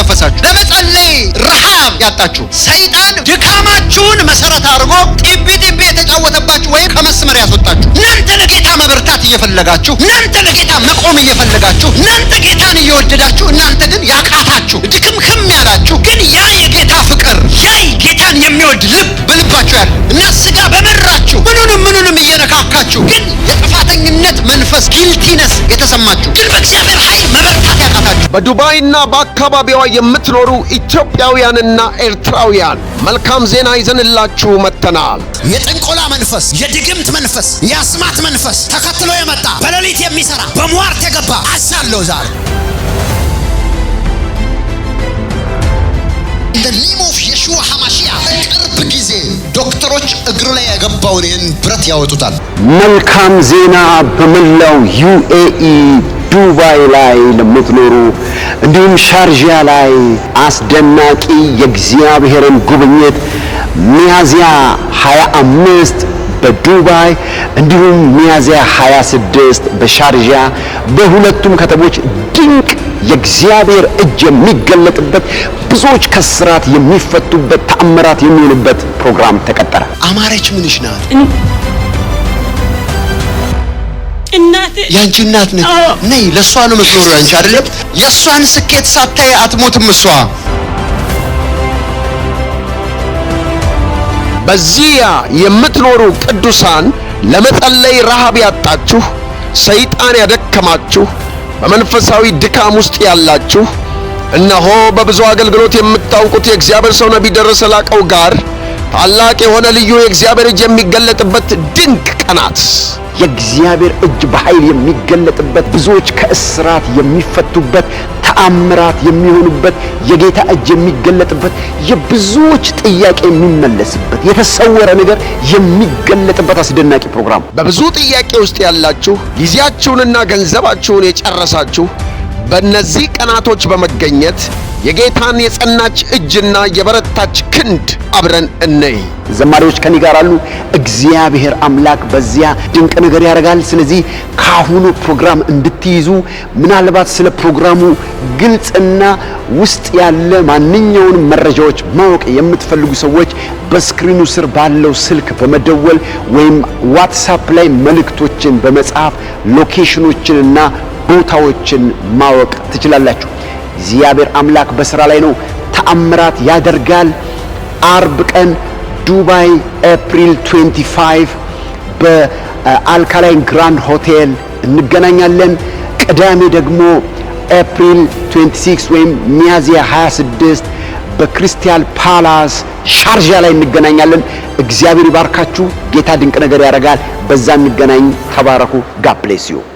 የተንፈሰፈሳችሁ፣ ለመጸለይ ረሃብ ያጣችሁ፣ ሰይጣን ድካማችሁን መሰረት አድርጎ ጢቢ ጢቢ የተጫወተባችሁ ወይም ከመስመር ያስወጣችሁ፣ እናንተ ለጌታ መበርታት እየፈለጋችሁ፣ እናንተ ለጌታ መቆም እየፈለጋችሁ፣ እናንተ ጌታን እየወደዳችሁ፣ እናንተ ግን ያቃታችሁ ድክምክም ያላችሁ ግን ያ በዱባይና በአካባቢዋ የምትኖሩ ኢትዮጵያውያንና ኤርትራውያን መልካም ዜና ይዘንላችሁ መጥተናል። የጥንቆላ መንፈስ፣ የድግምት መንፈስ፣ የአስማት መንፈስ ተከትሎ የመጣ በሌሊት የሚሰራ በሟርት የገባ አሳለው ዛሬ እንደ ኔም ዶክተሮች እግሩ ላይ የገባውን ይህን ብረት ያወጡታል። መልካም ዜና በመላው ዩኤኢ ዱባይ ላይ ለምትኖሩ እንዲሁም ሻርጃ ላይ አስደናቂ የእግዚአብሔርን ጉብኝት ሚያዝያ 25 በዱባይ እንዲሁም ሚያዝያ 26 በሻርጃ በሁለቱም ከተሞች ድንቅ የእግዚአብሔር እጅ የሚገለጥበት ብዙዎች ከስራት የሚፈቱበት ተአምራት የሚሆንበት ፕሮግራም ተቀጠረ። አማረች ምንሽ ናት። ያንቺ እናት ነች። ነይ ለእሷ ነው የምትኖሪው አንቺ አይደለም። የእሷን ስኬት ሳታይ አትሞትም እሷ። በዚያ የምትኖሩ ቅዱሳን ለመጸለይ ረሃብ ያጣችሁ፣ ሰይጣን ያደከማችሁ፣ በመንፈሳዊ ድካም ውስጥ ያላችሁ እነሆ በብዙ አገልግሎት የምታውቁት የእግዚአብሔር ሰው ነቢይ ደረሰ ላቀው ጋር ታላቅ የሆነ ልዩ የእግዚአብሔር እጅ የሚገለጥበት ድንቅ ቀናት የእግዚአብሔር እጅ በኃይል የሚገለጥበት ብዙዎች ከእስራት የሚፈቱበት ተአምራት የሚሆኑበት የጌታ እጅ የሚገለጥበት የብዙዎች ጥያቄ የሚመለስበት የተሰወረ ነገር የሚገለጥበት አስደናቂ ፕሮግራም። በብዙ ጥያቄ ውስጥ ያላችሁ ጊዜያችሁንና ገንዘባችሁን የጨረሳችሁ በእነዚህ ቀናቶች በመገኘት የጌታን የጸናች እጅና የበረታች ክንድ አብረን እነይ። ዘማሪዎች ከኔ ጋር አሉ። እግዚአብሔር አምላክ በዚያ ድንቅ ነገር ያደርጋል። ስለዚህ ካሁኑ ፕሮግራም እንድትይዙ ምናልባት ስለ ፕሮግራሙ ግልጽና ውስጥ ያለ ማንኛውንም መረጃዎች ማወቅ የምትፈልጉ ሰዎች በስክሪኑ ስር ባለው ስልክ በመደወል ወይም ዋትሳፕ ላይ መልእክቶችን በመጻፍ ሎኬሽኖችንና ቦታዎችን ማወቅ ትችላላችሁ። እግዚአብሔር አምላክ በስራ ላይ ነው። ተአምራት ያደርጋል። አርብ ቀን ዱባይ ኤፕሪል 25 በአልካላይን ግራንድ ሆቴል እንገናኛለን። ቅዳሜ ደግሞ ኤፕሪል 26 ወይም ሚያዝያ 26 በክሪስታል ፓላስ ሻርጃ ላይ እንገናኛለን። እግዚአብሔር ይባርካችሁ። ጌታ ድንቅ ነገር ያደርጋል። በዛ እንገናኝ። ተባረኩ። ጋፕሌስ ዩ